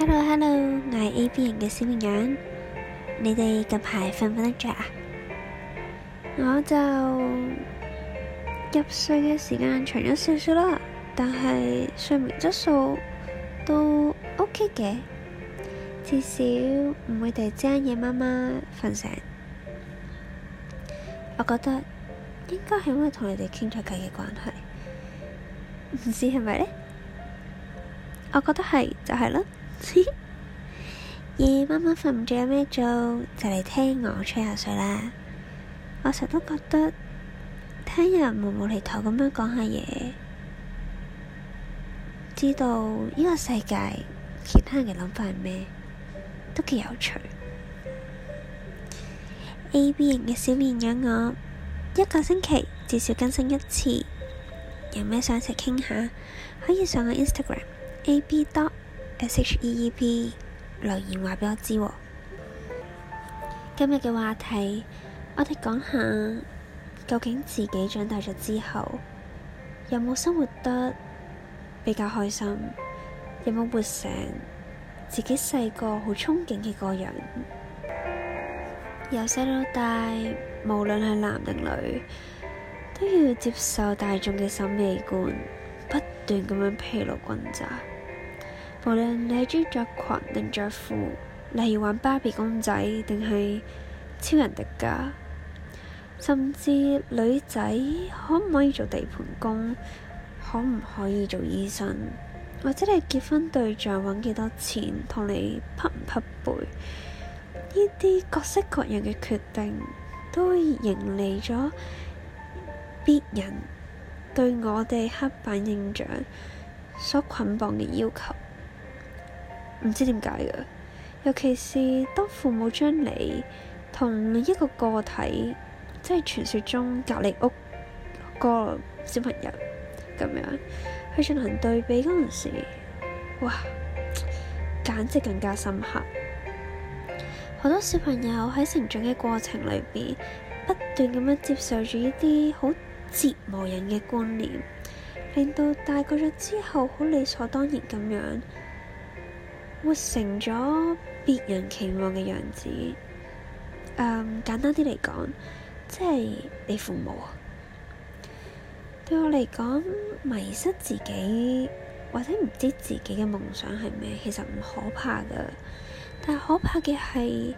Hello，Hello，我係 AB 型嘅小綿羊，你哋近排瞓唔瞓得着啊？我就入睡嘅時間長咗少少啦，但係睡眠質素都 OK 嘅，至少唔會突然之間夜媽媽瞓醒。我覺得應該係因為同你哋傾咗偈嘅關係，唔知係咪咧？我覺得係就係啦。夜晚晚瞓唔着有咩做，就嚟聽我吹下水啦。我成日都覺得聽人無無厘頭咁樣講下嘢，知道呢個世界其他人嘅諗法係咩，都幾有趣。A B 型嘅小綿羊我，一個星期至少更新一次。有咩想一齊傾下，可以上我 Instagram A B dot。S, S H E E P 留言，話俾我知。今日嘅話題，我哋講下究竟自己長大咗之後，有冇生活得比較開心？有冇活成自己細個好憧憬嘅個人？由細到大，無論係男定女，都要接受大眾嘅審美觀，不斷咁樣疲勞轟炸。無論你鍾意着裙定着褲，例如玩芭比公仔定係超人迪迦，甚至女仔可唔可以做地盤工，可唔可以做醫生，或者你結婚對象揾幾多錢，同你匹唔匹配？呢啲各式各樣嘅決定，都迎嚟咗別人對我哋刻板印象所捆綁嘅要求。唔知點解嘅，尤其是當父母將你同另一個個體，即係傳說中隔離屋個小朋友咁樣去進行對比嗰陣時，哇，簡直更加深刻。好多小朋友喺成長嘅過程裏邊，不斷咁樣接受住一啲好折磨人嘅觀念，令到大個咗之後，好理所當然咁樣。活成咗別人期望嘅樣子，嗯、um，簡單啲嚟講，即係你父母對我嚟講，迷失自己或者唔知自己嘅夢想係咩，其實唔可怕噶。但係可怕嘅係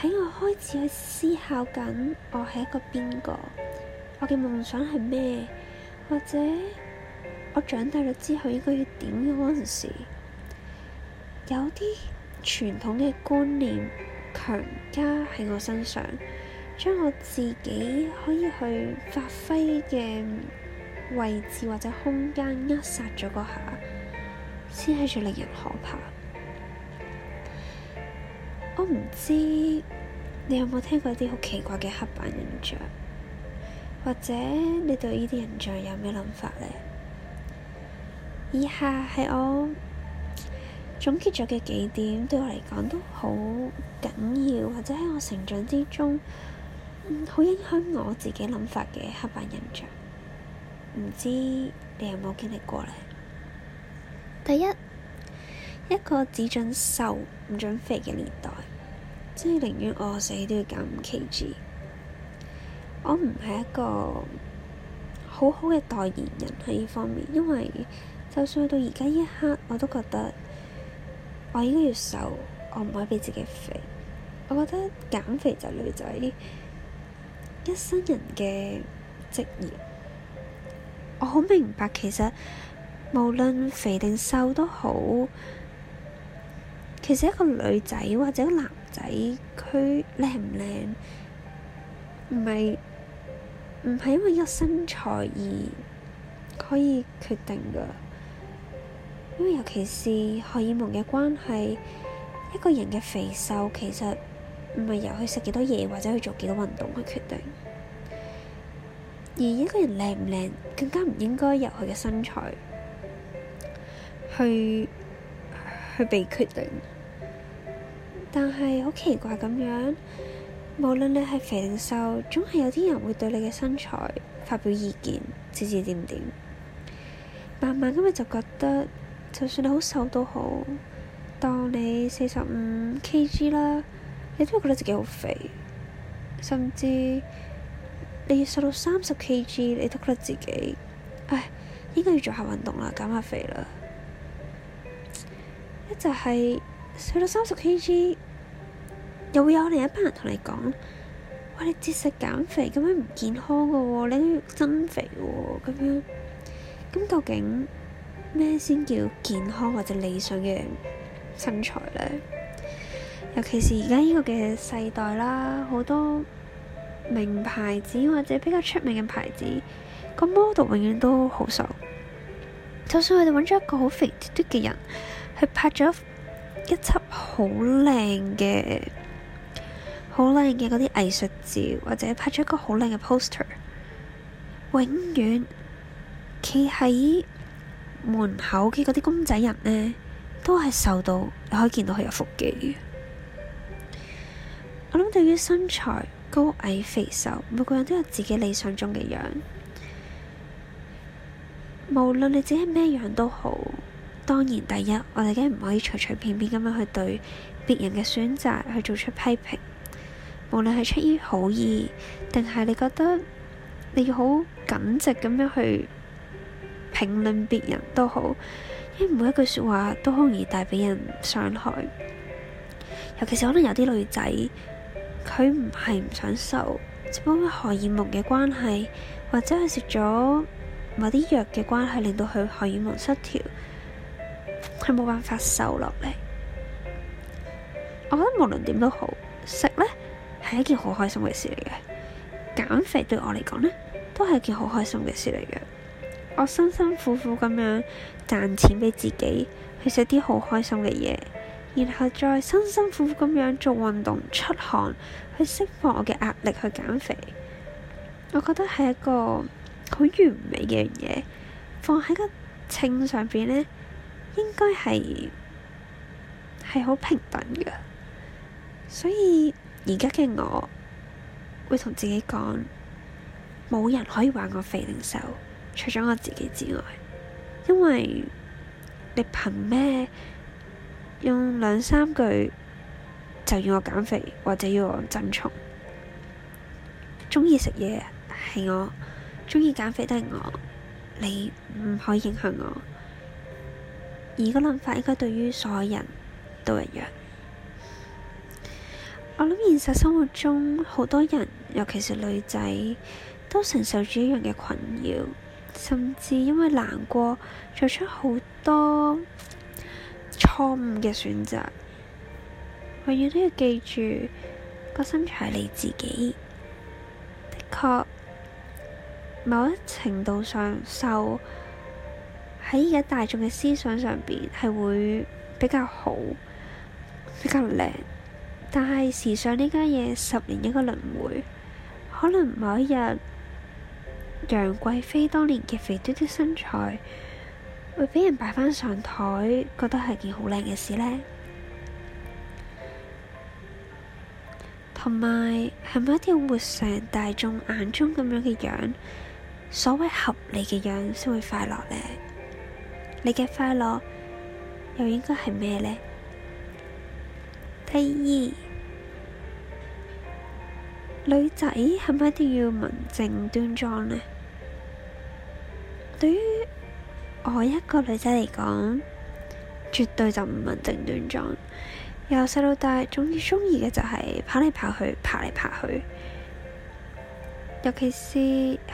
喺我開始去思考緊，我係一個邊個，我嘅夢想係咩，或者我長大咗之後應該要點樣嗰陣時。有啲傳統嘅觀念強加喺我身上，將我自己可以去發揮嘅位置或者空間扼殺咗嗰下，先係最令人可怕。我唔知你有冇聽過啲好奇怪嘅刻板印象，或者你對呢啲印象有咩諗法咧？以下係我。總結咗嘅幾點對我嚟講都好緊要，或者喺我成長之中，好影響我自己諗法嘅刻板印象。唔知你有冇經歷過呢？第一一個只准瘦唔准肥嘅年代，即係寧願餓死都要減五 KG。我唔係一個好好嘅代言人喺呢方面，因為就算去到而家呢一刻，我都覺得。我應該要瘦，我唔可以俾自己肥。我覺得減肥就係女仔一生人嘅職業。我好明白，其實無論肥定瘦都好，其實一個女仔或者個男仔，佢靚唔靚，唔係唔係因為一個身材而可以決定嘅。因為尤其是荷爾蒙嘅關係，一個人嘅肥瘦其實唔係由佢食幾多嘢或者佢做幾多運動去決定。而一個人靚唔靚更加唔應該由佢嘅身材去去被決定。但係好奇怪咁樣，無論你係肥定瘦，總係有啲人會對你嘅身材發表意見，指指點點。慢慢咁，你就覺得。就算你好瘦都好，當你四十五 kg 啦，你都會覺得自己好肥。甚至你要瘦到三十 kg，你都覺得自己，唉，應該要做下運動啦，減下肥啦。一就係，瘦到三十 kg，又會有另一班人同你講：哇！你節食減肥咁樣唔健康嘅喎，你都要增肥喎，咁樣。咁究竟，咩先叫健康或者理想嘅身材咧？尤其是而家呢個嘅世代啦，好多名牌子或者比較出名嘅牌子，個 model 永遠都好瘦。 就算我哋揾咗一個好 fit 啲嘅人，去拍咗一輯好靚嘅、好靚嘅嗰啲藝術照，或者拍咗一個好靚嘅 poster，永遠企喺。門口嘅嗰啲公仔人呢，都係瘦到你可以見到佢有腹肌嘅。我諗對於身材高矮肥瘦，每個人都有自己理想中嘅樣。無論你自己係咩樣都好，當然第一，我哋梗唔可以隨隨便便咁樣去對別人嘅選擇去做出批評。無論係出於好意，定係你覺得你要好耿直咁樣去。評論別人都好，因為每一句說話都好易帶俾人傷害。尤其是可能有啲女仔，佢唔係唔想瘦，只不過荷爾蒙嘅關係，或者佢食咗某啲藥嘅關係，令到佢荷爾蒙失調，佢冇辦法瘦落嚟。我覺得無論點都好，食呢係一件好開心嘅事嚟嘅，減肥對我嚟講呢，都係一件好開心嘅事嚟嘅。我辛辛苦苦咁樣賺錢畀自己去食啲好開心嘅嘢，然後再辛辛苦苦咁樣做運動出汗，去釋放我嘅壓力去減肥。我覺得係一個好完美嘅樣嘢，放喺個秤上邊咧，應該係係好平等嘅。所以而家嘅我會同自己講，冇人可以話我肥定瘦。除咗我自己之外，因為你憑咩用兩三句就要我減肥或者要我增重？鍾意食嘢係我，鍾意減肥都係我，你唔可以影響我。而個諗法應該對於所有人都一樣。我諗現實生活中好多人，尤其是女仔，都承受住一樣嘅困擾。甚至因為難過，做出好多錯誤嘅選擇。永遠都要記住，個身材係你自己。的確，某一程度上，瘦喺而家大眾嘅思想上邊係會比較好，比較靚。但係時尚呢家嘢，十年一個輪回，可能某一日。楊貴妃當年嘅肥嘟嘟身材，會畀人擺翻上台，覺得係件好靚嘅事呢。同埋，係咪一定要活成大眾眼中咁樣嘅樣，所謂合理嘅樣先會快樂呢？你嘅快樂又應該係咩呢？第二，女仔係咪一定要文靜端莊呢？對於我一個女仔嚟講，絕對就唔文靜端莊。由細到大，總之鍾意嘅就係跑嚟跑去，爬嚟爬去。尤其是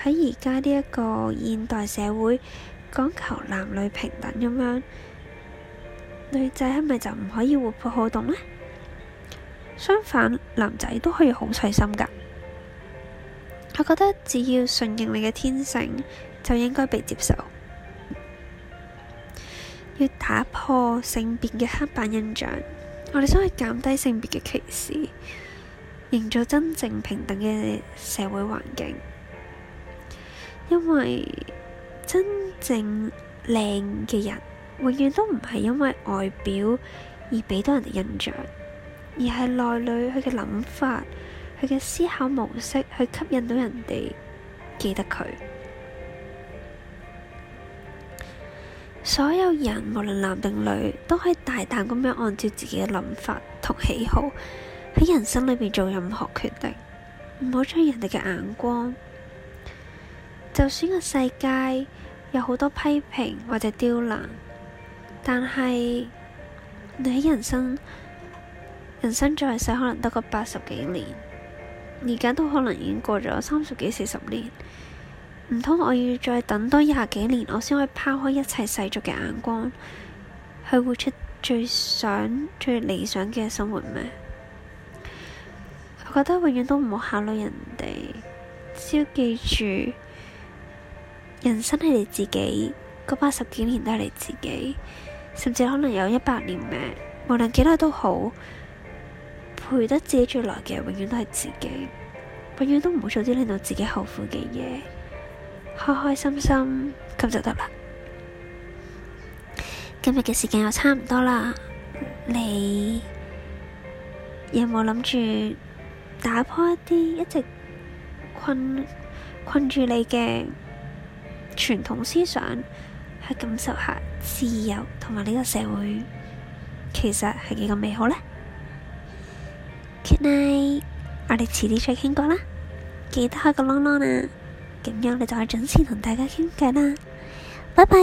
喺而家呢一個現代社會，講求男女平等咁樣，女仔係咪就唔可以活潑好動呢？相反，男仔都可以好細心噶。我覺得只要順應你嘅天性。就應該被接受。要打破性別嘅刻板印象，我哋需要減低性別嘅歧視，營造真正平等嘅社會環境。因為真正靚嘅人，永遠都唔係因為外表而畀到人哋印象，而係內裏佢嘅諗法、佢嘅思考模式去吸引到人哋記得佢。所有人，無論男定女，都可以大膽咁樣按照自己嘅諗法同喜好喺人生裏面做任何決定，唔好將人哋嘅眼光。就算個世界有好多批評或者刁難，但係你喺人生，人生在世可能得個八十幾年，而家都可能已經過咗三十幾四十年。唔通我要再等多廿幾年，我先可以拋開一切世俗嘅眼光，去活出最想、最理想嘅生活咩？我覺得永遠都唔好考慮人哋，只要記住，人生係你自己，嗰八十幾年都係你自己，甚至可能有一百年命，無論幾耐都好，陪得自己最耐嘅永遠都係自己，永遠都唔會做啲令到自己後悔嘅嘢。開開心心咁就得啦。今日嘅時間又差唔多啦，你有冇諗住打破一啲一直困困住你嘅傳統思想，去感受下自由同埋呢個社會其實係幾咁美好呢？Good night，我哋遲啲再傾過啦，記得開個暖暖啊！咁樣，你就係準時同大家傾偈啦，拜拜。